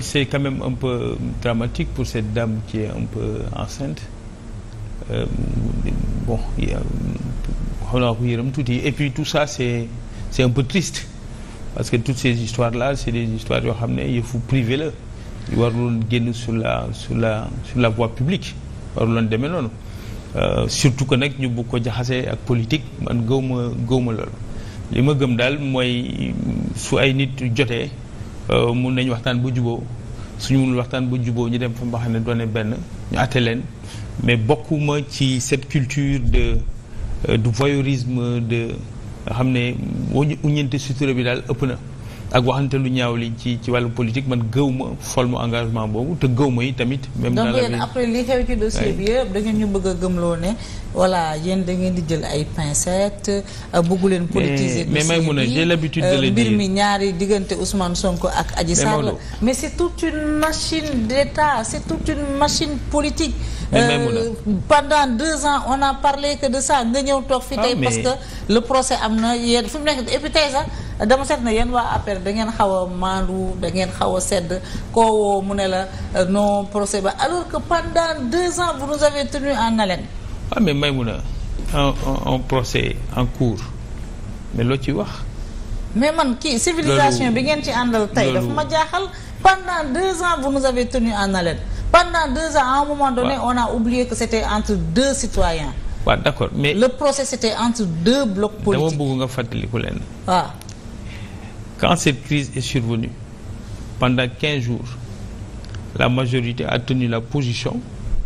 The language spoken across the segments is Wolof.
c'est quand même un peu dramatique pour cette dame qui est un peu enceinte euh, bon xam naa ko yërëm tuuti et puis tout ça c'est c'est un peu triste parce que toutes ces histoires la c'est des histoires yoo xam ne yëfu privé la yu waruloon génn sur la sur la sur la voie publique waruloon demee noonu euh, surtout que nag ñu bugg ko jaxasee ak politique man gëw ma gëw ma loolu li ma gëm daal mooy su ay nit jotee Euh, mun nañu waxtaan ba juboo suñu munul waxtaan ba juboo ñu dem fa nga xam ne doone benn ñu àtte leen mais bokkuma ci set culture de euh, du voyeurisme de xam ne woo ñu uññante sutura bi daal ëpp na ak waxante lu ñaaw li ci ci wàllu politique man gëw ma fol mu engagement boobu te gëw ma yi tamit. même dans donc yéen après li xew ci dossier bi yëpp da ñu bëgg a gëmloo ne voilà yéen da ngeen di jël ay pincettes euh, bëggu leen. politiser dossier bi mais mais Maimouna j'ai l'habitude de euh, le dire mbir mi ñaari diggante Ousmane Sonko ak Adji Sarr la mais c'est toute une machine d'État c'est toute une machine politique. Euh, pendant deux ans on a parlé que de ça nga ñëw toog fi ah, tey parce que le procès dama seet na yéen waa APR da ngeen xaw a maandu ngeen xaw a sedd koo woo mu ne la euh, non procès ba alors que pendant deux ans bu nous avez tenu en haleine. waaw ah, mais Maïmouna un un procès en cours mais loo ciy wax. mais man kii civilisation bi ngeen ci àndal tey dafa ma jaaxal pendant deux ans vous nous avez tenu en haleine pendant deux ans à un moment donné ouais. on a oublié que c'était entre deux citoyens waaw ouais, d'accord mais le procès c'était entre deux blocs politiques nga fàttaliku Quand cette crise est survenue, pendant 15 jours, la majorité a tenu la position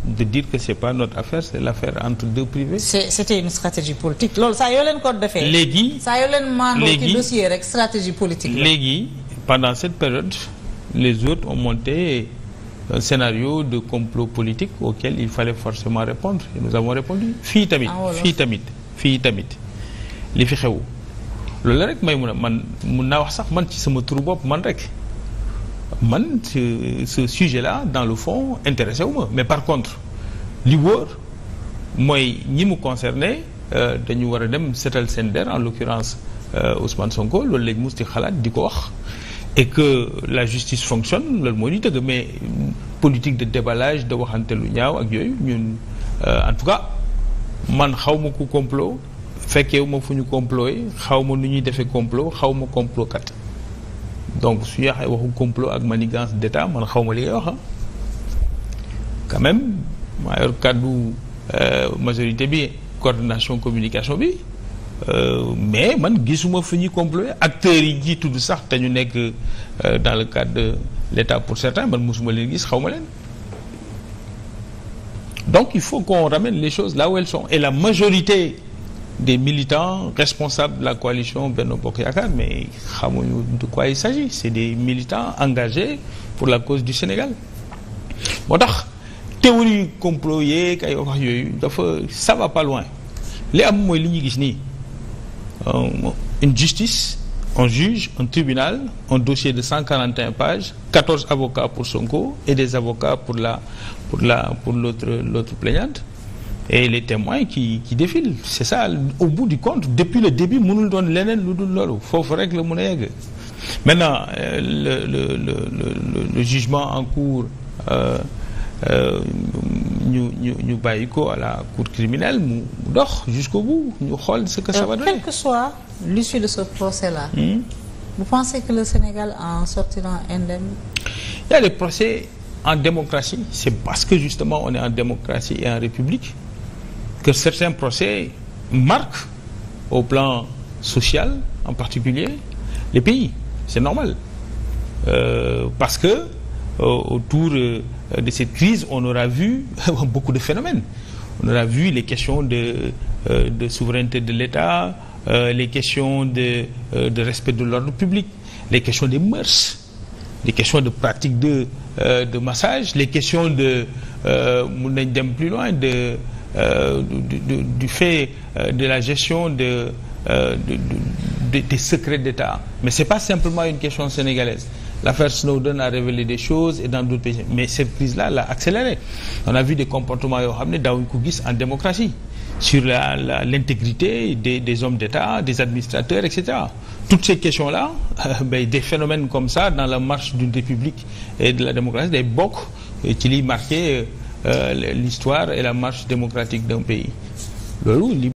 de dire que c'est pas notre affaire c'est l'affaire entre deux privés. c'était une stratégie politique loolu saa yoo leen ko defee. léegi saa yoo leen rek stratégie politique léegi pendant cette période les autres ont monté un scénario de complot politique auquel il fallait forcément répondre et nous avons répondu fii tamit. Ah, fii tamit fii tamit li fi xew. loolu la rek may mun a man mun naa wax sax man ci sama turu bopp man rek man ce ce sujet là dans le fond intéressé wu ma mais par contre li wóor mooy ñi mu concerné euh, dañu war a dem seetal seen der en l'occurrence euh, Ousmane Sonko loolu lañ mus di xalaat di ko wax et que la justice fonctionne loolu moo di dëgg mais politique de déballage de waxante lu ñaaw ak yooyu ñun euh, en tout cas man xaw ma ku complot fekkeewu ma fu ñu complot yi xaw ma nu ñuy defee complot xaw ma complot kat donc su ñu waxu complot ak manigance d'état man xaw ma li ngay wax ah. quand même maa kàddu euh, majorité bi coordination communication bi euh, mais man gisuma fu ñuy complot acteurs yi ji du sax te ñu nekk euh, dans le cadre de l'état pour certains man mosuma leen gis xaw ma leen donc il faut qu'on ramène les choses là où et la majorité des militants responsables de la coalition Benno Bokk Yaakaar mais xamuñu de quoi il s'agit c'est des militants engagés pour la cause du Sénégal moo tax théorie complot yeeg ay wax yooyu dafa ça va pas loin li am mooy li ñuy gis nii euh, une justice un juge un tribunal un dossier de 141 pages 14 avocats pour Sonko et des avocats pour la pour la pour l'autre l'autre plaignante et les témoins qui qui défilent c'est ça au bout du compte depuis le début mënul doon leneen lu dul loolu foofu rek la mën a yegg maintenant euh, le le le le jugement en cours euh, euh, ñu ñu bàyyi ko à la cour criminelle mu dox jusqu'au bout ñu xool ce que ça va donner. quel que soit l'issue de ce procès là. Hmm? vous pensez que le Sénégal en sortira indemne? il y a des procès en démocratie c'est parce que justement on est en démocratie et en république. que certains procès marquent au plan social en particulier les pays. C'est normal. Euh, parce que euh, autour euh, de cette crise, on aura vu beaucoup de phénomènes. On aura vu les questions de, euh, de souveraineté de l'État, euh, les questions de, euh, de respect de l'ordre public, les questions des mœurs, les questions de pratique de, de massage, les questions de, nous plus loin, de euh, du, du, fait euh, de la gestion euh, de, de, de des secrets d'État. Mais ce n'est pas simplement une question sénégalaise. L'affaire Snowden a révélé des choses et dans d'autres pays. Mais cette crise-là l'a accélérée. On a vu des comportements en démocratie sur l'intégrité des, des, hommes d'État, des administrateurs, etc. Toutes ces questions-là, euh, ben, des phénomènes comme ça dans la marche d'une république et de la démocratie, des bocs qui l'y marquaient euh, Euh, l'histoire et la marche démocratique d'un pays loolu